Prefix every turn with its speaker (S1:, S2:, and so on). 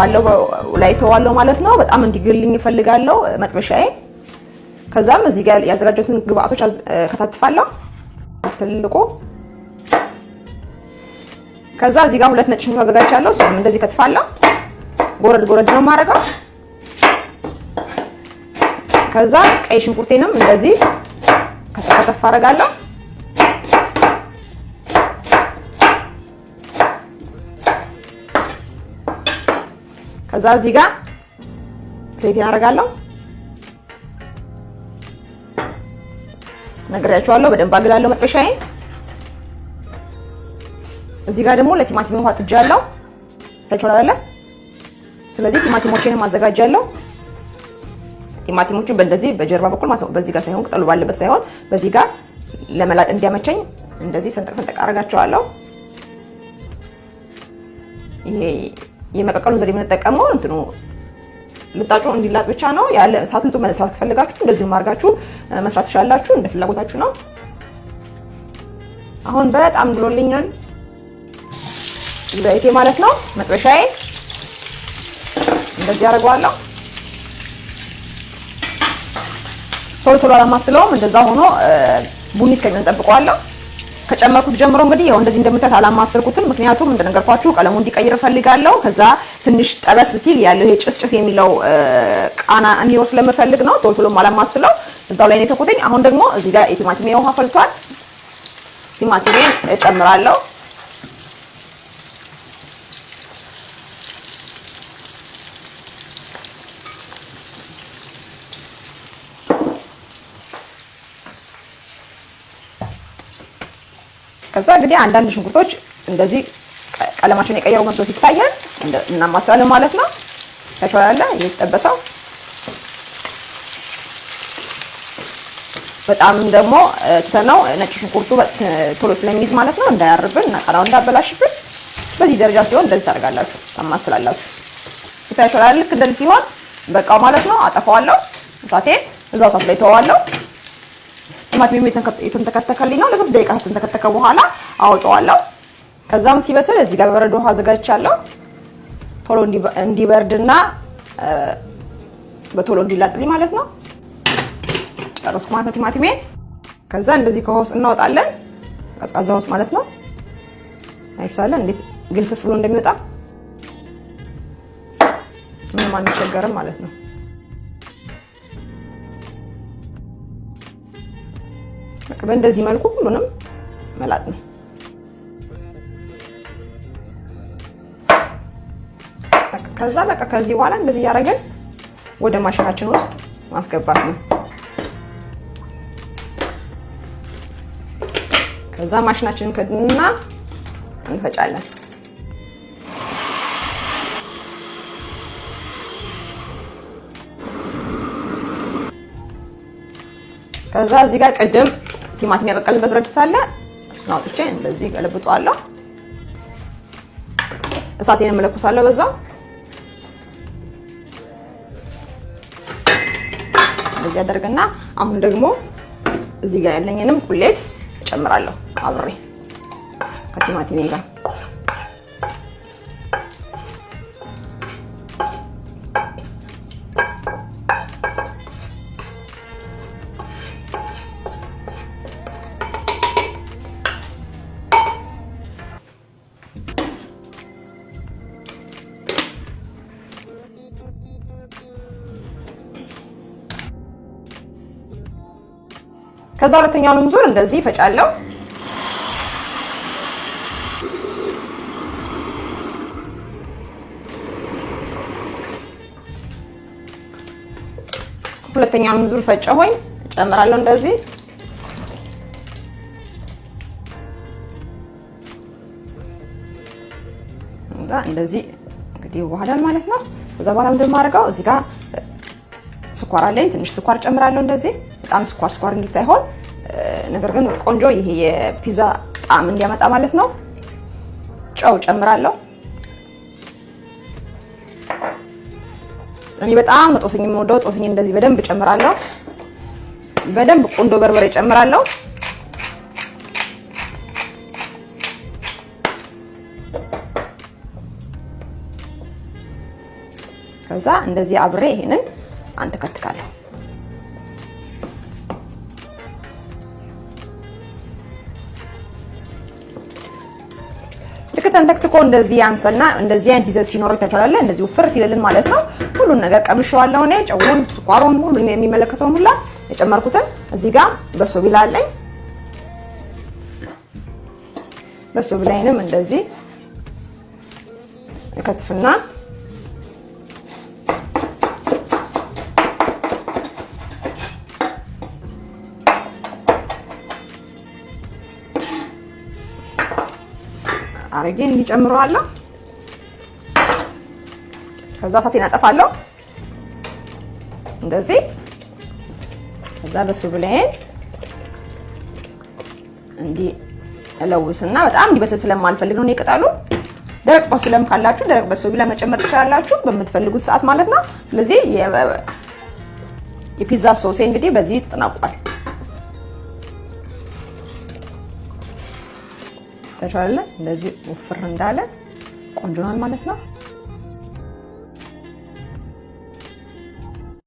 S1: ባለው ላይ ተዋለው ማለት ነው። በጣም እንዲግልኝ እፈልጋለሁ መጥበሻዬ። ከዛም እዚህ ጋር ያዘጋጀሁትን ግብአቶች ከታትፋለሁ ትልቁ። ከዛ እዚህ ጋር ሁለት ነጭ ሽንኩርት አዘጋጅቻለሁ። እሱም እንደዚህ ከትፋለሁ። ጎረድ ጎረድ ነው የማደርገው። ከዛ ቀይ ሽንኩርቴንም እንደዚህ ከተፈ አደርጋለሁ። ከዛ እዚህ ጋር ዘይቴን አደርጋለሁ። ነግሬያቸዋለሁ። በደንብ አግላለሁ መጥበሻዬን። እዚህ ጋር ደግሞ ለቲማቲም ውሃ ጥጃለሁ። ታችኋላለ። ስለዚህ ቲማቲሞችን ማዘጋጃለሁ። ቲማቲሞችን በእንደዚህ በጀርባ በኩል ማለት ነው፣ በዚህ ጋር ሳይሆን ቅጠሉ ባለበት ሳይሆን በዚህ ጋር ለመላጥ እንዲያመቸኝ እንደዚህ ሰንጠቅ ሰንጠቅ አደርጋቸዋለሁ። ይሄ የመቀቀሉ ዘዴ የምንጠቀመው እንትኑ ልጣጩ እንዲላጥ ብቻ ነው። ያለ ሳትልጡ መስራት ከፈለጋችሁ እንደዚሁም አድርጋችሁ መስራት ትችላላችሁ። እንደ ፍላጎታችሁ ነው። አሁን በጣም ድሎልኛል ዘይቴ ማለት ነው። መጥበሻዬ እንደዚህ አደርገዋለሁ። ቶሎ ቶሎ አላማስለውም። እንደዛ ሆኖ ቡኒ እስከሚሆን ጠብቀዋለሁ። ከጨመርኩት ጀምሮ እንግዲህ ያው እንደዚህ እንደምታዩት አላማሰርኩትም። ምክንያቱም እንደነገርኳችሁ ቀለሙ እንዲቀይር እፈልጋለሁ። ከዛ ትንሽ ጠበስ ሲል ያለው ይሄ ጭስጭስ የሚለው ቃና እንዲኖር ስለምፈልግ ነው። ቶሎ ቶሎም አላማስለው እዛው ላይ ነው የተኩትኝ። አሁን ደግሞ እዚህ ጋር የቲማቲሜ ውሃ ፈልቷል። ቲማቲሜን እጨምራለሁ ከዛ እንግዲህ አንዳንድ ሽንኩርቶች እንደዚህ ቀለማቸውን የቀየሩ መስሎ ሲታየን እናማስላለን ማለት ነው። ተቻላለ የሚጠበሰው በጣም ደግሞ ትተነው ነጭ ሽንኩርቱ ቶሎ ስለሚይዝ ማለት ነው እንዳያርብን እና ቀላው እንዳበላሽብን በዚህ ደረጃ ሲሆን እንደዚህ ታደርጋላችሁ፣ ታማስላላችሁ። ተቻላለ ልክ እንደዚህ ሲሆን በቃው ማለት ነው። አጠፋዋለሁ እሳቴን እዛው እሳት ላይ ተዋዋለሁ። ቲማቲም የተንተከተከልኝ ነው። ለሶስት ደቂቃ ተንተከተከ በኋላ አወጣዋለሁ። ከዛም ሲበስል እዚህ ጋር በበረዶ ውሃ አዘጋጅቻለሁ። ቶሎ እንዲበርድና በቶሎ እንዲላጥልኝ ማለት ነው። ጨረስኩ ማለት ነው ቲማቲሜን። ከዛ እንደዚህ ከውስጥ እናወጣለን፣ ቀዝቃዛ ውስጥ ማለት ነው። አይቻለን እንዴት ግልፍፍ ብሎ እንደሚወጣ ምንም አንቸገርም ማለት ነው። በእንደዚህ መልኩ ሁሉንም መላጥ ነው። ከዛ በቃ ከዚህ በኋላ እንደዚህ እያደረገን ወደ ማሽናችን ውስጥ ማስገባት ነው። ከዛ ማሽናችንን ከድና እንፈጫለን። ከዛ እዚህ ጋር ቅድም ቲማቲም ያበቃልበት ብረት ድስት አለ። እሱን አውጥቼ እንደዚህ ገለብጠዋለሁ። እሳቴን መለኩሳለሁ በዛ እንደዚህ ያደርግና አሁን ደግሞ እዚህ ጋር ያለኝንም ቁሌት እጨምራለሁ አብሬ ከቲማቲሜ ጋር ከዛ ሁለተኛውንም ዙር እንደዚህ ይፈጫለሁ። ሁለተኛውንም ዙር ፈጨሁኝ እጨምራለሁ እንደዚህ እንደዚህ እንግዲህ ይዋሃላል ማለት ነው። ከዛ በኋላ ምንድን ማድረገው እዚህ ጋር ስኳር አለኝ። ትንሽ ስኳር ጨምራለሁ እንደዚህ በጣም ስኳር ስኳር እንዲል ሳይሆን ነገር ግን ቆንጆ ይሄ የፒዛ ጣዕም እንዲያመጣ ማለት ነው። ጨው ጨምራለሁ። እኔ በጣም ጦስኝ የምወደው ጦስኝ እንደዚህ በደንብ ጨምራለሁ። በደንብ ቆንዶ በርበሬ ጨምራለሁ። ከዛ እንደዚህ አብሬ ይሄንን አንተከትካለሁ። ልክ ተንተክትኮ እንደዚህ ያንሰልና እንደዚህ አይነት ይዘት ሲኖር ተቻላለ እንደዚህ ውፍር ሲልልን ማለት ነው። ሁሉን ነገር ቀምሼዋለሁ እኔ ጨውን፣ ስኳሩን፣ ሁሉን የሚመለከተውን ሁላ የጨመርኩትን እዚህ ጋር በሶ ቢላ አለኝ። በሶ ቢላይንም እንደዚህ ከትፍና አረጌ እንዲጨምረዋለሁ። ከዛ ሳቴን አጠፋለሁ እንደዚህ። ከዛ በሱ ብላይን እንዲህ እለውስና በጣም እንዲበስል ስለማልፈልግ ነው እኔ ደረቅ በሶብለም ካላችሁ ደረቅ በሶብላ መጨመር ትችላላችሁ በምትፈልጉት ሰዓት ማለት ነው። ስለዚህ የፒዛ ሶሴ እንግዲህ በዚህ ተጠናቋል። ተቻለ እንደዚህ ውፍር እንዳለ ቆንጆናል ማለት ነው።